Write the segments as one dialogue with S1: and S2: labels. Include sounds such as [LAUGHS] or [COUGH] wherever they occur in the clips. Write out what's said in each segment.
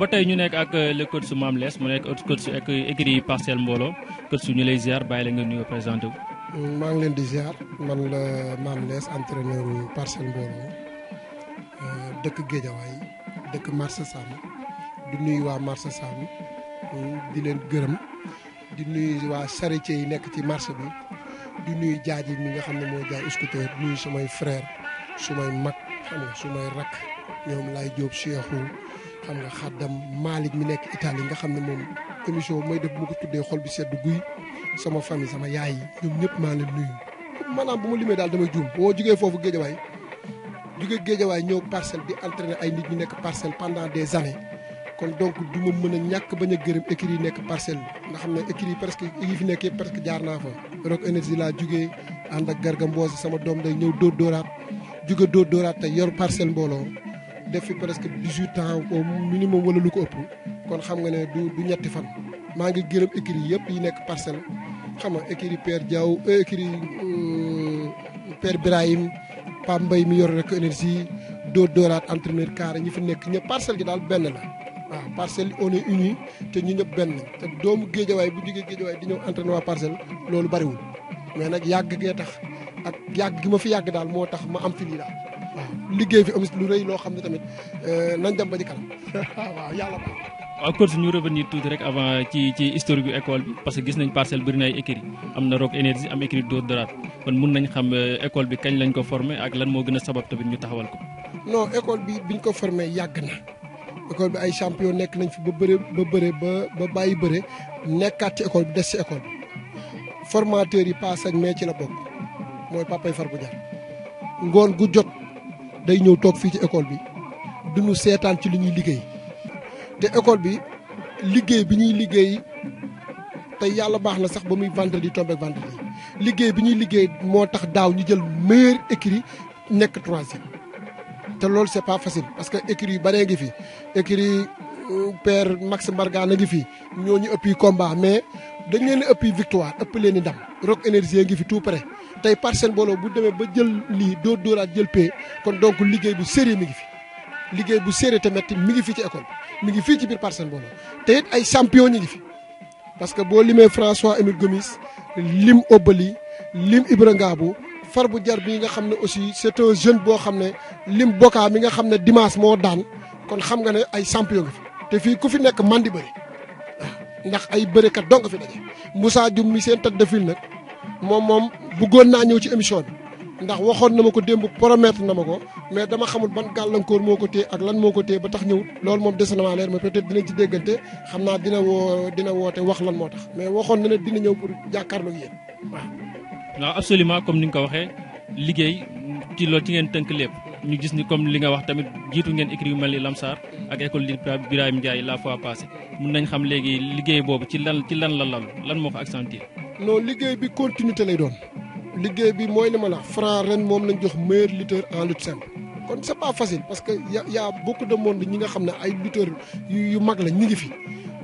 S1: waaw tey ñu nekk ak euh, le coach su Mame Less mu nekk coach su euh, écurie Parcelles Mbooloo coach su ñu lay ziar bàyyi la nga nuyoo mm,
S2: maa ngi leen di ziar man la Mame Less entraîneur Parcelles Mbooloo euh, dëkk Géejawaay dëkk Marché Sam du nuyu waa Marché Sam mm, di leen gërëm di nuy waa charretier yi nekk ci marché bi di nuy jaaj yi mi nga xam ne moo jaay scooter nuyu sumay su may mag xam nga sumay rakk ñoom lay jóob Cheikhou xam nga xaddam malik mi nekk Italie nga xam ne moom émission may def bu ma ko tuddee xol bi sedd guy sama famille sama yaay yi ñoom ñëpp maa leen nuyu. maanaam bu ma limee daal dama juum boo jugee foofu géejawaay jugee géejawaay ñëw parcelle bi entraîner ay nit ñu nekk parcelle pendant des années kon donc du ma mën a ñàkk bañ a gërëm écurie yi nekk parcelle nga xam ne écurie presque yi fi nekk yëpp presque jaar naa fa. Rock énergie laa jugee ànd ak Garga Mbossé sama doom day ñëw dóor dóoraat jugee dóor dóoraat tey yor parcelle mbooloo. def fi presque dix-huit ans au minimum wala lu ko ëpp kon xam nga ne du du ñetti fan maa ngi gërëm écurie yi yëpp yi nekk parcelle xam nga écurie Père Diaw euh, écurie euh, Père Birahim Pape Mbaye mi yor rek énergie dóor dóoraat entraîneur carré ñi fi nekk ñëpp parcelle gi daal benn la waaw parcelle on est te ñu ñëpp benn te doomu géejawaay bu jógee géejawaay di ñëw entraînement parcelle loolu bariwul mais nag yàgg gee tax ak yàgg gi ma fi yàgg daal moo tax ma am fi lii daal liggéey fi amis lu rëy loo xam ne tamit euh, nañ dem ba ci kanam [LAUGHS] ah, waaw yàlla baax
S1: waaw coach ñu revenir tuuti rek avant ci ci historique bi école bi parce que gis nañ parcelle bëri na ay écurie am na rock énergie am écurie dóor doraat kon mun nañ xam euh, école bi kañ lañ ko formé ak lan moo gën a sabab tamit ñu taxawal ko
S2: non école bi bi biñ ko formé yàgg na école bi ay champion nekk nañ fi ba bëre ba bëre ba ba bàyyi bëre nekkaat ci école bi des ci école bi formateur yi paas ak mais ci la bokk mooy papay far bu jar day nous toog fii ci école bi certains seetaan ci li ñuy liggéey te école bi liggéey bi ñuy liggéey te yàlla baax sax ba muy vendredi tombé vendredi liggéey bi ñuy liggéey tax ñu jël meilleur écrit nekk troisième te c'est pas facile parce que écrit yu fi écrit euh, père Max Barga, a fi ñoo ñu Nous combat mais dañ leen victoire ëpp leen i ndam Rock Énergie ngi tout près tey parcelle mbooloo bu demee ba jël lii doo dóoraat jël pay kon donc liggéey bu sérieux mi ngi fi liggéey bu sérieux tamit mi ngi fii ci école mi ngi fii ci biir parcelle mbooloo te ay champion ñi ngi fi parce que boo limee François Émile Gomis lim Obali lim Ibra Ngabou far bu jar bi nga xam ne aussi c'est un jeune boo xam ne lim bokaa mi nga xam ne dimanche moo daan kon xam nga ne ay champion ngi fi te fii ku fi nekk man di bëri ndax ay bërekat dong fi daje mi seen tête de file bëggoon naa ñëw ci émission bi ndax waxoon na ma ko démb promettre na ma ko mais dama xamul ban gàllankoor moo ko téye ak lan moo ko téye ba tax ñëwut lool moom dese na maa leer mais peut-être dinañ ci déggante xam naa dina woo dina woote wax lan moo tax mais waxoon na ne dina ñëw pour jàkkaarloog yéen waaw.
S1: waaw absolument comme ni nga ko waxee liggéey ci lool ci ngeen tënk lépp. ñu gis ni comme li nga wax tamit jiitu ngeen écrit yu mel ni Lamsar ak école di Birahim Ndiaye la fois passée mun nañ xam léegi liggéey boobu ci lan ci lan la lan lan moo ko accentué.
S2: non liggéey bi continuité lay doon. liggéey bi mooy li ma la Franc ren moom lañ jox meilleur lutteur en lutte simple kon c'est pas facile parce que y a y a ñi nga xam ne ay lutteur yu mag la ñu ngi fi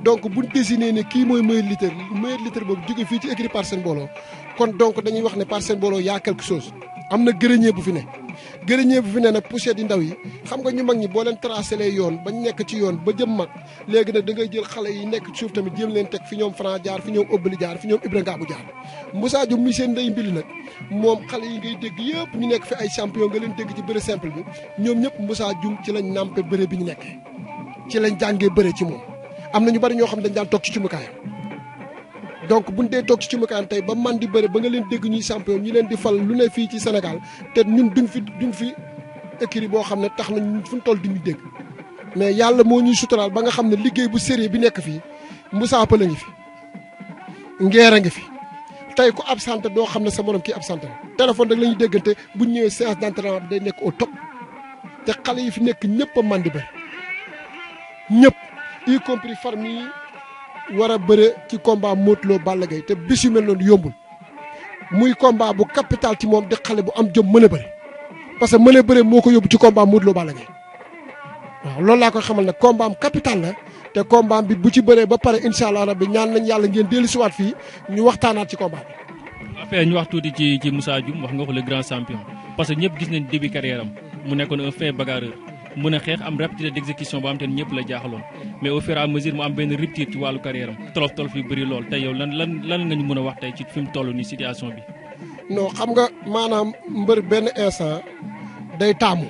S2: donc buñ nee ne kii mooy meilleur lutteur meilleur lutteur boobu jóge fii ci écrit Parcelles Mbooloo kon donc dañuy wax ne Parcelles Mbooloo y a quelque chose am na gërëñee bu fi ne gërëñee bu fi ne nag poussette ndaw yi xam nga ñu mag ñi boo leen tracé lee yoon bañ nekk ci yoon ba jëm mag léegi nag da ngay jël xale yi nekk ci suuf tamit jéem leen teg fi ñoom Franc jaar fi ñoom Obali jaar fi ñoom Ibra Ngabou jaar Moussa Dioum mi seen ndey mbili nag moom xale yi ngay dégg yëpp ñu nekk fi ay champion nga leen dégg ci bëre simple bi ñoom ñëpp Moussa Dioum ci lañ nàmpe bëre bi ñu nekkee ci lañ jàngee bëre ci moom am na ñu bari ñoo xam dañ daan toog ci cumukaayam donc bu buñ dee toog ci cumukaan tey ba man di bëri ba nga leen dégg ñuy champion ñu leen di fal lu ne fii ci Sénégal te ñun duñ fi duñ fi écurie boo xam ne tax na ñun fu ñu toll duñu dégg mais yàlla moo ñuy suturaal ba nga xam ne liggéey bu sérieux bi nekk fii Moussa Appal a ngi fi ngeer a ngi fi tey ku absenté doo xam ne sa morom kii absenté la téléphone rek la ñuy déggante bu ñu ñëwee séance d'entraînement day nekk au top te xale yi fi nekk ñëpp a man bëri ñëpp war a bëre ci combat Modou Lo Balla Gaye te bis yu mel noonu yombul muy combat bu capital ci moom di xale bu am jom mën a bëre parce que mën a bëre moo ko yóbbu ci combat Modou Lo Balla Gaye waaw loolu laa koy xamal nag combat am capital la te combat bi bu ci bëree ba pare incha allah rabbi ñaan nañ yàlla ngeen dellu siwaat fii ñu waxtaanaat ci combat bi.
S1: affaire ñu wax tuuti ci ci Moussa Dioum wax nga ko le grand champion parce que ñëpp gis nañ début carrière am mu nekkoon un fin bagarreur mën a xeex am rapidité d'exécution boo xam te ne ñëpp la jaaxaloon mais au fur et à mesure mu am benn rupture ci wàllu carrière am tolof tolof yu bëri lool tey yow lan lan lan nga ñu mën a wax tey ci fi mu toll nii situation bi. non xam nga
S2: maanaam mbër benn instant day taamu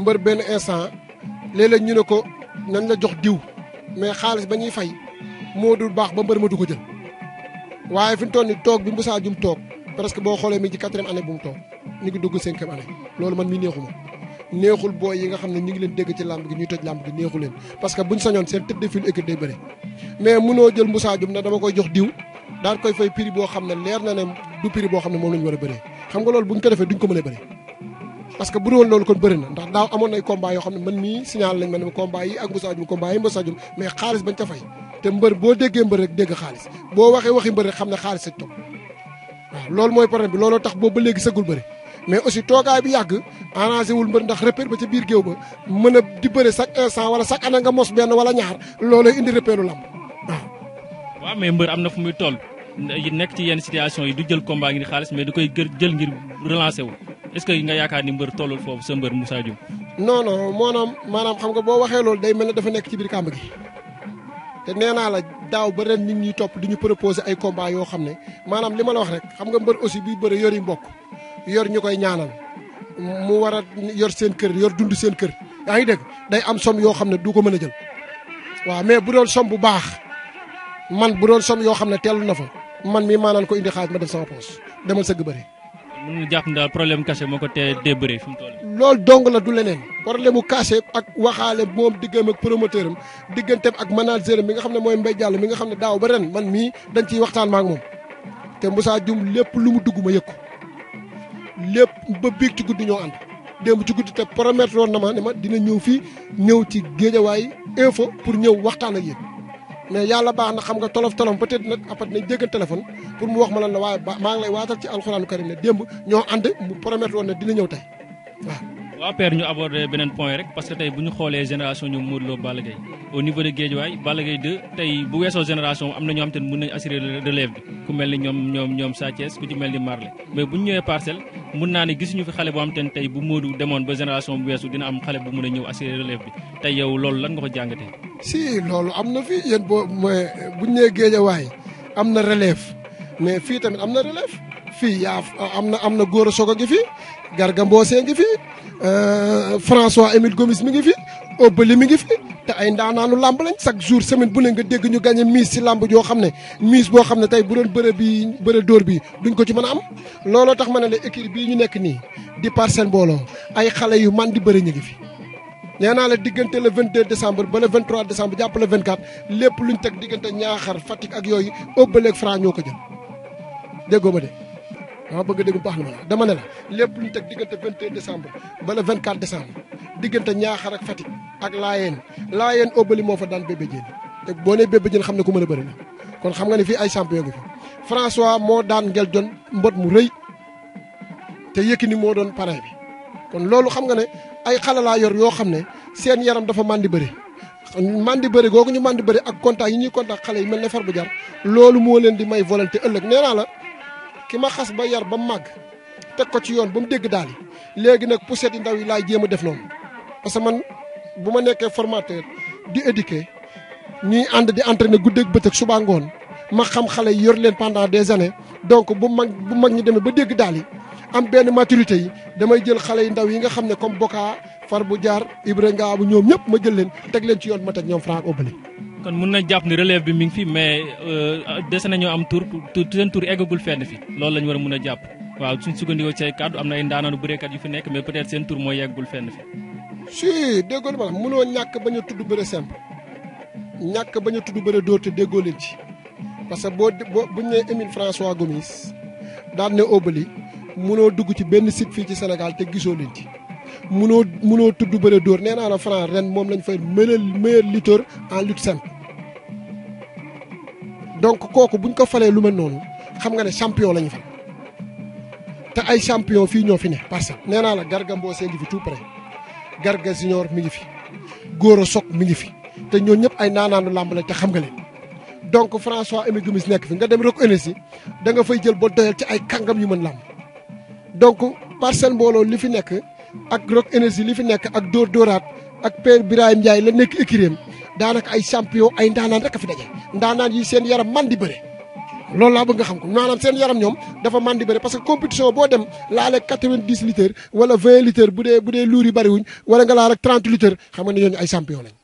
S2: mbër benn instant léeg ñu ne ko nañ la jox diw mais xaalis ba ñuy fay moo dul baax ba mbër ma du ko jël waaye fi mu toll nii toog bi Moussa Dioum toog presque boo xoolee mi ci quatrième ane bu mu toog ñu dugg cinquième année loolu man mi neexuma. neexul booy yi nga xam ne ñu ngi leen dégg ci làmb gi ñuy toj làmb gi neexu leen parce que buñ sañoon seen tëdd fil équipe day bëri mais munoo jël Moussa Dioum dama koy jox diw daal koy fay prix boo xam ne leer na ne du prix boo xam ne moom la ñu war a bëree xam nga loolu buñ ko defee duñ ko mën a bëri parce que loolu kon bëri na ndax daaw amoon nay combat yoo xam ne man mii signal lañ ma ne combat yi ak Moussa Dioum yi Moussa Dioum mais fay te mbër boo déggee mbër rek xaalis boo waxee waxi mbër rek xam ne xaalis sa topp waaw loolu mooy problème bi looloo tax boobu léegi sëggul bëri mais aussi toogaay bi yag arrangé wul mbër ndax repère ba ci biir géew ba meuna a di beure chaque instant wala chaque année nga mos ben wala ñaar loolay indi repère lu lamb
S1: wa mais mbër amna fu muy toll nek ci yenn situation yi du jël combat ngir xaliss mais du koy jël ngir relancer wu est-ce que nga yaakaar ni mbër tollul fofu sa mbër Moussa Dioum. non non
S2: monam manam xam nga bo waxee loolu day melni dafa nek ci biir kàmb gi. té néna la daw ba ren nit ñi top di proposer ay combat yo xamné manam lima la wax rek xam nga mbeur aussi bi beure yori mbokk yor ñukoy ñaanal mu wara yor seen kër yor dund seen kër yaa ngi dégg day am som yoo xam ne du ko mën a jël waaw mais bu doon som bu baax man bu doon som yoo xam ne teelu na fa man mi maanaan ko indi xaaj ma def sama poos demal sëgg bëri
S1: mënu jàpp daal problème cassé moo ko tee débëree fi mu toll
S2: loolu dong la du leneen problème mu ak waxaale moom diggam ak promoteur am digganteem ak manager mi nga xam ne mooy mbéy jàll mi nga xam ne daaw ba ren man mii dañ ciy waxtaan maa ak moom te Moussa Dioum lépp lu mu dugg ma yëg ko lépp ba biig ci guddi ñoo ànd démb ci guddi te promettre woon na ma ne ma dina ñëw fii ñëw ci géejawaay info pour ñëw waxtaan ak yéen mais yàlla baax na xam nga tolof tolof peut être nag après nañ dégg téléphone pour mu wax ma lan la waaye maa ngi lay waatal ci alxuraanu karim ne démb ñoo ànd mu promettre woon ne dina ñëw tey
S1: waaw waa Père ñu aborder beneen point rek parce que tey bu ñu xoolee génération ñu Modou Lo Balla Gaye au niveau de Guédiawaye Balla Gaye tey bu weesoo génération am na ñoo xam te ne mën nañu assurer relève bi ku mel ni ñoom ñoom ñoom Sa Thiès ku ci mel ni Marley mais bu ñu ñëwee parcelle mën naa ne gisuñu fi xale boo xam te ne tey bu Modou demoon ba génération bu weesu dina am xale bu mën a ñëw assurer relève bi tey yow loolu lan nga ko jàngatee.
S2: si loolu am na fi yéen boo am na relève mais fii am na relève fii am na am na góor soog a ngi fi garga mboosee ngi Euh, François Émile Gomis mi ngi fi Obali mi ngi fi te ay ndaanaanu làmb lañ chaque jour semaine bu ne nga dégg ñu gagné miis si làmb joo xam ne miis boo xam ne tey bu doon bëre bi bëre dóor bi duñ ko ci mën a am looloo tax ma ne la équipe bii ñu nekk nii di Parcelles mbooloo ay xale yu man di bëre ñu ngi fi nee naa la diggante le 22 décembre ba le 23 décembre jàpp le 24 lépp luñ teg diggante ñaaxar Fatick ak yooyu Obali ak Franc ñoo ko jël déggoo ma dama bëgg a dégg bu baax la ma la dama ne la lépp lu ñu teg diggante 21 décembre ba le 24 décembre diggante Ñaaxar ak Fatick ak Laayeen Laayeen Obali moo fa daan Bébé Diène te boo nee Bébé Diène xam ne ku mën a bëri la kon xam nga ne fii ay champion ngi fi François moo daan ngel jon mbot mu rëy te ni moo doon parrain bi kon loolu xam nga ne ay xale laa yor yoo xam ne seen yaram dafa màndi bëri di bëri googu ñu màndi bëri ak contact yi ñuy contact xale yi mel ne far bu jar loolu moo leen di may volonté ëllëg nee la ki ma xas ba yar ba màgg teg ko ci yoon ba mu dégg daal léegi nag poussette yi ndaw yi laay jéem a def noonu parce que man bu ma nekkee formateur di éduquer ñuy ànd di entraîner guddeeg bëtëg suba ngoon ma xam xale yi yor leen pendant des années donc bu mag bu mag ñi demee ba dégg daal am benn maturité yi damay jël xale yu ndaw yi nga xam ne comme Boka Far bu jaar Ibrahima bu ñoom ñëpp ma jël leen teg leen ci yoon ma teg ñoom Franc Obali
S1: kon mun na jàpp ni relève bi mi ngi fi mais euh, dese nañoo am tour tour seen tour eggagul fenn fi loolu la war a mën a jàpp waaw suñ sukkandikoo ci kàddu am na ay ndaanaanu bëreekat yu fi nekk mais peut-être seen tour mooy yeggul fenn fi. si
S2: déggoo li ma wax mënoo ñàkk ba a tudd bëre simple ñàkk bañ a tudd bëre dóor te déggoo leen ci parce que boo boo buñ nee Émile François Gomis daan ne obli mënoo dugg ci benn site fii ci Sénégal te gisoo leen ci. mënoo mënoo tudd bëre dóor nee naa la Franc ren moom lañ fay meilleur meilleur lutteur en donc kooku buñ ko falee lu men noonu xam nga ne champion lañu fa te ay champion fii ñoo fi ne parce que nee naa la Garga Mbossé ngi fi tout près Garga Junior mi ngi fi Gora Sock mi ngi fi te ñoo ñëpp ay naanaanu làmb la te xam nga leen donc François Aimé Gomis nekk fi nga dem rek énergie da nga fay jël ba doyal ci ay kàngam yu mën làmb donc parcelle mbooloo li fi nekk ak rok énergie li fi nekk ak dóor dóoraat ak père Birahim Ndiaye la nekk écurie daanaka ay champion ay ndaanaan rek a fi daje ndaanaan yi seen yaram man di bëre loolu laa bëgg nga xam ko maanaam seen yaram ñoom dafa man di bëre parce que compétition boo dem laale quatre-vingt-dix litres wala vingt litres bu dee bu dee luur yi bëriwuñ wala nga laal ak trente litres xam nga ne ñooñu ay champion lañ